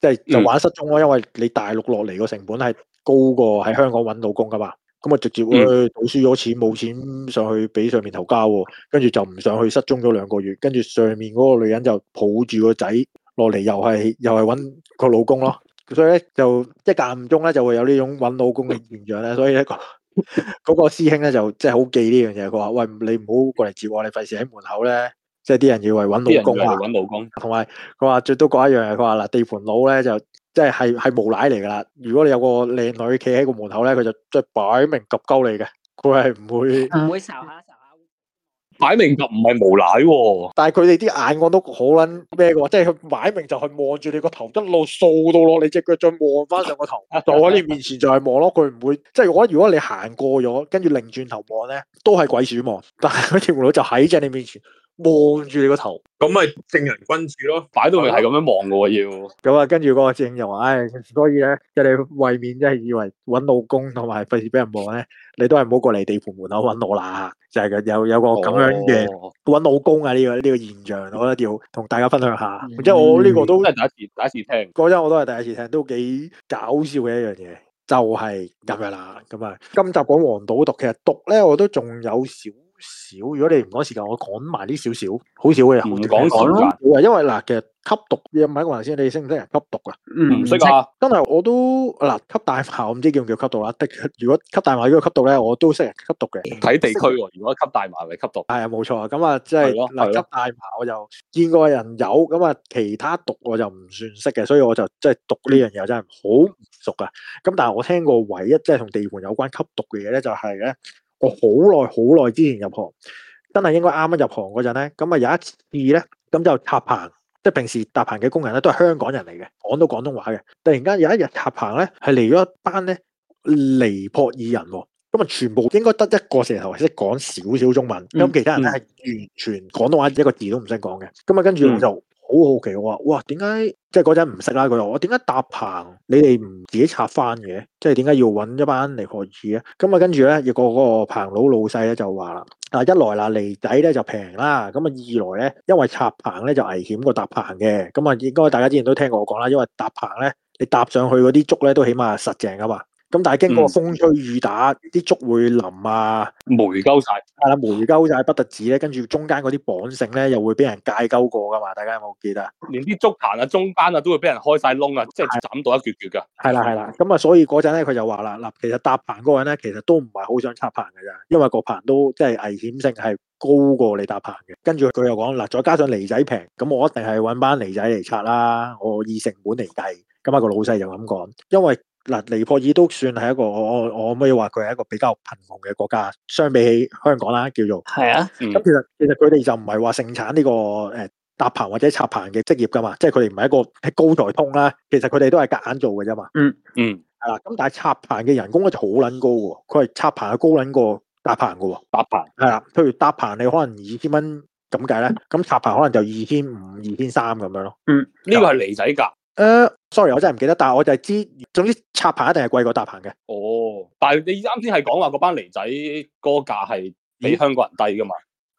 即係就玩失蹤咯。因為你大陸落嚟個成本係高過喺香港揾老公㗎嘛，咁啊直接去賭輸咗錢，冇錢上去俾上面頭家，跟住就唔上去失蹤咗兩個月，跟住上面嗰個女人就抱住個仔落嚟，又係又係揾個老公咯。所以咧就即係間唔中咧就會有呢種揾老公嘅現象咧，所以一個。嗰 個師兄咧就即係好記呢樣嘢。佢話，喂，你唔好過嚟接我，你費事喺門口咧，即係啲人要為揾老公啊，揾老公。同埋佢話最多講一樣嘢，佢話嗱，地盤佬咧就即係係係無賴嚟噶啦，如果你有個靚女企喺個門口咧，佢就即係擺明夾鳩你嘅，佢係唔會唔會、嗯嗯擺
明就唔係無賴喎，
但係佢哋啲眼光都好撚咩嘅，即係佢擺明就係望住你個頭，一路掃到落你隻腳，再望翻上個頭，就喺你面前就係望咯，佢唔會，即係我如果你行過咗，跟住擰轉頭望咧，都係鬼鼠望，但係嗰條佬就喺正你面前。望住你個
頭，
咁咪正人君子咯，
擺到人係咁樣望噶要
咁啊。跟住嗰個正話唉，所以咧，即係為免即係以為揾老公同埋費事俾人望咧， 你都係唔好過嚟地盤門口揾我啦、哦。就係、是、有有個咁樣嘅揾、哦、老公啊呢、這個呢、這個現象，我一定要同大家分享下。嗯、即係我呢個都、嗯、
第一次第一次聽，
嗰陣我都係第一次聽，都幾搞笑嘅一樣嘢，就係、是、咁樣啦。咁啊，今集講黃賭毒，其實毒咧我都仲有少。少，如果你唔講時間，我講埋呢少少，好少嘅嘢。講講時間，因為嗱其實吸毒，你問埋一個問題先，你識唔識人吸毒噶？唔識啊。今日我都嗱吸大麻，我唔知叫唔叫吸毒啦。的，如果吸大麻呢個吸毒咧，我都識人吸毒嘅。睇地區喎，
如果吸大麻咪吸毒。係啊，
冇錯啊。咁啊、就是，即係嗱吸
大麻，我就
見過人有。咁啊，其他毒我就唔算識嘅，所以我就即係、就是、毒呢樣嘢真係好唔熟噶。咁但係我聽過唯一即係同地盤有關吸毒嘅嘢咧，就係咧。我好耐好耐之前入行，真係應該啱啱入行嗰陣咧，咁啊有一次咧，咁就搭棚，即係平時搭棚嘅工人咧，都係香港人嚟嘅，講到廣東話嘅。突然間有一日搭棚咧，係嚟咗一班咧尼泊爾人喎，哦，咁啊全部應該得一個蛇頭係識講少少中文，咁、嗯、其他人咧係、嗯、完全廣東話一個字都唔識講嘅。咁啊跟住、嗯、就。好好奇我話，哇，點解即係嗰陣唔識啦？佢話我點解搭棚？你哋唔自己拆翻嘅，即係點解要揾一班嚟學字咧？咁啊，跟住咧，要個個棚佬老細咧就話啦，啊一來啦嚟仔咧就平啦，咁啊二來咧，因為拆棚咧就危險過搭棚嘅，咁啊應該大家之前都聽過我講啦，因為搭棚咧你搭上去嗰啲竹咧都起碼實淨噶嘛。咁但係經過風吹雨打，啲、嗯、竹會淋啊霉鳩晒，係啦，霉鳩晒不特止咧，跟住中間嗰啲綁繩咧又會俾人戒鳩過噶嘛，大家有冇記得？
連啲竹棚啊，中間啊都會俾人開晒窿啊，即係斬到一橛橛噶。係啦係啦，
咁啊所以嗰陣咧佢就話啦嗱，其實搭棚嗰個人咧其實都唔係好想拆棚噶咋，因為個棚都即係、就是、危險性係高過你搭棚嘅。跟住佢又講嗱，再加上 𡃁 仔平，咁我一定係揾班 𡃁 仔嚟拆啦。我以成本嚟計，咁、那、啊個老細就咁講，因為。嗱，尼泊爾都算係一個我我我可以話佢係一個比較貧窮嘅國家，相比起香港啦，叫做。係啊。咁、嗯、其實其實佢哋就唔係話盛產呢、這個誒、呃、搭棚或者插棚嘅職業噶嘛，即係佢哋唔係一個喺高台通啦，其實佢哋都係夾硬做嘅啫嘛。嗯嗯。係啦，咁但係插棚嘅人工咧就好撚高喎，佢係插，插棚係高撚過搭棚嘅喎。搭棚。係啦，譬如搭棚你可能二千蚊咁計咧，咁、嗯、插棚可能就二千五、二千三咁樣咯。嗯，
呢、這個係嚟仔價。
誒、uh，sorry，我真係唔記得，但係我就係知，總之插棚一定係貴過搭
棚嘅。哦，但係你啱先係講話嗰班尼仔個價係比香港人低噶嘛？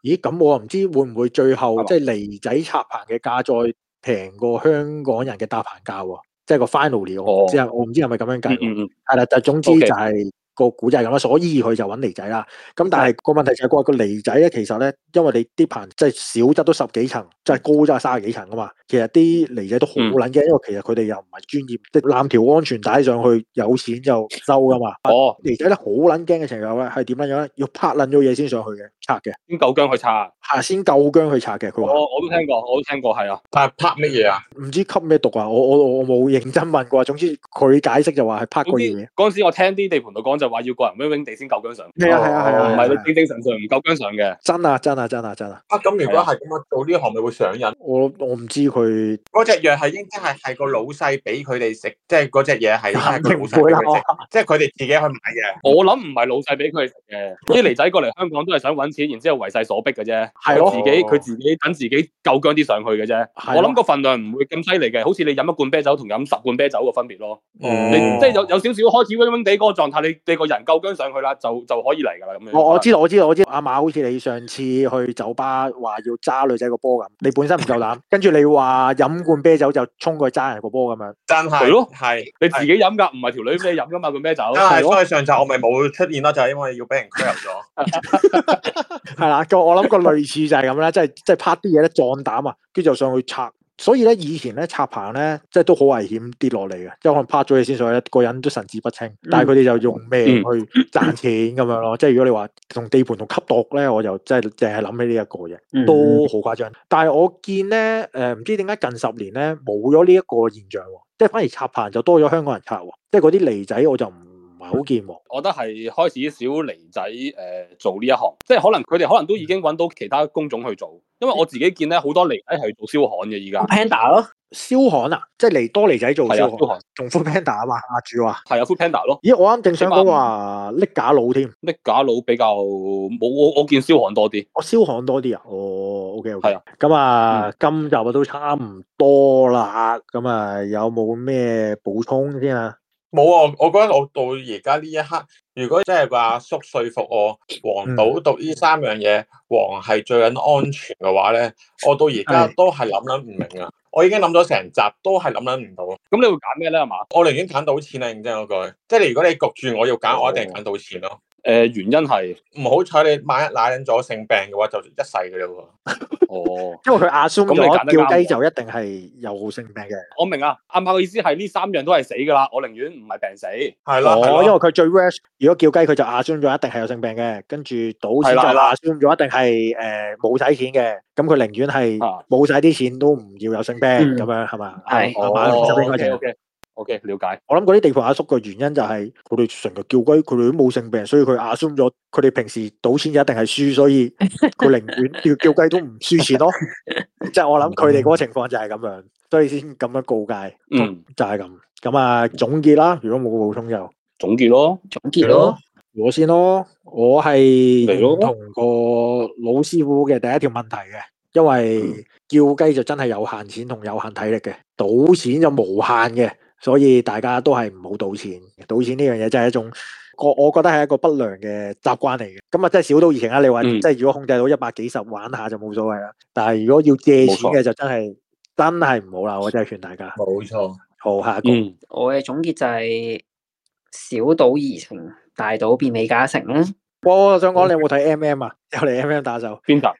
咦，咁我唔知會唔會最後即係尼仔插棚嘅價再平過香港人嘅搭棚價？即係個 final 了。即、哦、係我唔知係咪咁樣計。嗯嗯嗯，係啦，但係總之就係、是。Okay. 個古仔就咁啦，所以佢就揾嚟仔啦。咁但係個問題就係話個嚟仔咧，其實咧，因為你啲棚即係少則都十幾層，即係高咗係三十幾層噶嘛。其實啲嚟仔都好撚驚，因為其實佢哋又唔係專業，即係攬條安全帶上去，有錢就收噶嘛。哦，嚟仔咧好撚驚嘅情況咧係點樣樣咧？要拍撚咗嘢先上去嘅，拆
嘅。先夠姜去拆啊。
係先夠姜去拆嘅。佢話
我我都聽過，我都聽過，係啊。但係拍乜嘢啊？
唔知吸咩毒啊？我我我冇認真問過。總之佢解釋就話係拍嗰樣嘢。嗰
陣時我聽啲地盤度講就。話要個人揾揾地先夠姜上，咩 啊？係啊，啊，係 啊，唔係你精精神神唔夠姜上嘅。
真啊，真啊，真啊，真啊！啊，
咁如果係咁樣，做呢行咪會上癮？我我唔知佢嗰隻藥係應該係係個老細俾佢哋食，即係嗰隻嘢係老細俾佢食，即係佢哋自己去買
嘅。我諗唔係老細俾佢哋食嘅，啲嚟仔過嚟香港都係想揾錢，然之後為勢所逼嘅啫。係咯， 佢自己佢 自己等自己夠姜啲上去嘅啫。 的我諗個份量唔會咁犀利嘅，好似你飲一罐啤酒同飲十罐啤酒個分別咯。 即係有有少少開始揾揾地嗰個狀態，你你。個人夠姜上去啦，就就可以嚟噶啦咁樣。我我知道，
我知道，我知道。阿馬，好似你上次去酒吧話要揸女仔個波咁，你本身唔夠膽，跟 住你話飲罐啤酒就衝過去揸人個波咁樣。真係係咯，
係你自己飲噶，唔係條女俾你飲噶嘛罐啤酒。但係上集我咪冇出現咯， 就係因為要俾人拘留咗。
係 啦， 個我諗個類似就係咁啦，即係即係拍啲嘢咧壯膽啊，跟住就上去拆。所以咧，以前咧插棚咧，即係都好危險跌落嚟嘅，即係可能拍咗嘢先，所以個人都神志不清。嗯、但係佢哋就用咩去賺錢咁、嗯、樣咯。即係如果你話同地盤同吸毒咧，我就即係淨係諗起呢、這、一個啫，都好誇張。但係我見咧，誒、呃、唔知點解近十年咧冇咗呢一個現象，即係反而插棚就多咗香港人插喎，即係嗰啲嚟仔我就唔。好見喎！
我覺得係開始少泥仔，誒、呃，做呢一行，即係可能佢哋可能都已經揾到其他工種去做，因為我自己見咧，好多泥仔係做燒焊嘅。依家 Panda
咯，燒焊啊，即係嚟多泥仔做燒焊。仲 Foodpanda 啊嘛，阿豬話，係
啊，Foodpanda 咯。
咦，我啱正想講話搦假佬添，
搦假佬比較冇我，我見燒焊多
啲，
我燒焊多啲、哦 okay, okay. 啊。哦，OK，OK，係啊。咁啊，今集啊都差唔多啦。咁啊，有冇咩補充先啊？
冇啊！我覺得我到而家呢一刻，如果即係話叔說服我黃賭毒呢三樣嘢，黃、嗯、係最緊安全嘅話咧，我到而家都係諗諗唔明啊！我已經諗咗成集，都係諗諗唔到。咁、嗯、你會揀咩咧？係嘛？我寧願揀賭錢啊！認真嗰句，即係如果你焗住我要揀，我一定揀賭錢咯。哦誒、呃，原因係唔好彩，你萬一乸忍咗性病嘅話，就一世嘅啦。哦， 因為佢 assume 咗叫雞
就一定係有，哦、有性病嘅。
我明啊，阿媽嘅意思係呢三樣都係死噶啦，我寧願唔係病死。係啦，
因為佢最 risk 如果叫雞佢就 assume 咗一定係有性病嘅，跟住賭錢就 assume 咗一定係誒冇使錢嘅，咁佢寧願係冇使啲錢都唔要有性病，
咁、嗯、樣係嘛？係、嗯，我明白。O K O K。O.K. 了解，
我諗嗰啲地盤阿叔嘅原因就係佢哋成日叫雞，佢哋都冇性病，所以佢阿叔咗，佢哋平時賭錢就一定係輸，所以佢寧願叫叫雞都唔輸錢咯。即係我諗佢哋嗰個情況就係咁樣，所以先咁樣告誡。嗯，就係咁。咁啊，總結啦，如果冇補充就
總結咯，
總結咯，我先咯，我係同個老師傅嘅第一條問題嘅，因為叫雞就真係有限錢同有限體力嘅，賭錢就無限嘅。所以大家都係唔好賭錢，賭錢呢樣嘢真係一種，我我覺得係一個不良嘅習慣嚟嘅。咁啊，真係小賭怡情啊！你話，即、嗯、係如果控制到一百幾十玩下就冇所謂啦。但係如果要借錢嘅就真係真係唔好啦，我真係勸大家。冇錯，好，下一個、嗯、我嘅總結就係、是、
小賭怡情，大賭變李嘉誠啦。我想講，你有冇睇 M M
啊？有嚟 M M 打手邊集？誒、啊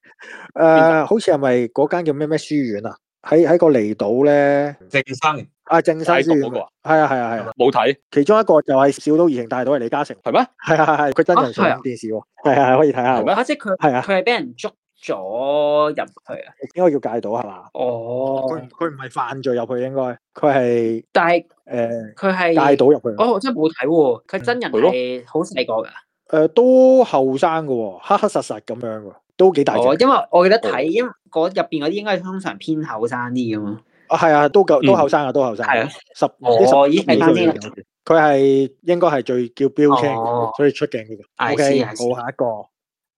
呃啊，好似係咪嗰間叫咩咩書院啊？喺喺個離島咧，正生。阿鄭生嗰個啊，係啊係啊係啊，冇睇、啊。其中一個就係小島疑情到家成，大到係李嘉誠，係咩、啊？係係係，佢真人上電視喎，係、哦、啊，係、啊，可以睇下。係咩？
即佢係啊，佢係俾人捉咗入
去啊，應該叫戒毒，係嘛？哦，佢唔係犯罪入去，應該佢係。但係誒，佢係戒毒入去。哦，我真係冇睇喎，佢真人係好細個噶。誒、嗯呃，都後生噶，黑黑實實咁樣噶，都幾大。哦，因為
我記得睇，因嗰入邊嗰啲應該係通常偏後生啲噶嘛
啊、哦，係啊，都夠，都後生啊，都後生、嗯，十，啲、哦、十以，佢、哦、係應該係最叫標青、哦，所以出鏡呢、這個，O K，我下一個，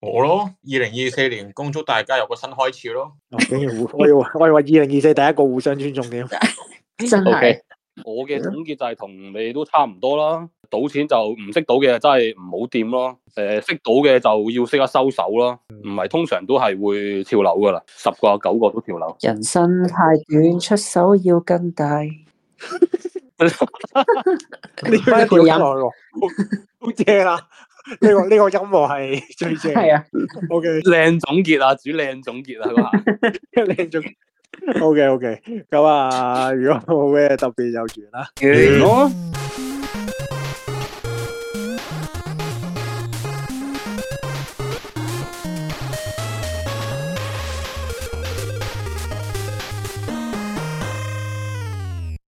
我咯，二零二四年，恭祝大家有個新開始
咯，哦、竟然我以話，可以話二零二四第一個互相尊重點
真係。Okay.
我嘅總結就係同你都差唔多啦，賭錢
就唔識賭嘅真係唔好掂咯，誒識賭嘅就要識得收手咯，唔係通常都係會跳樓噶啦，十個有九個都跳樓。人
生太短，出手要更大。
呢個調音，好正啦，啊！呢、 呢個呢、呢個音樂係最正。係啊。OK。
靚總結啊，煮靚總結啊，係嘛？
靚 總結。O K O K，咁啊，如果冇咩特別就完啦。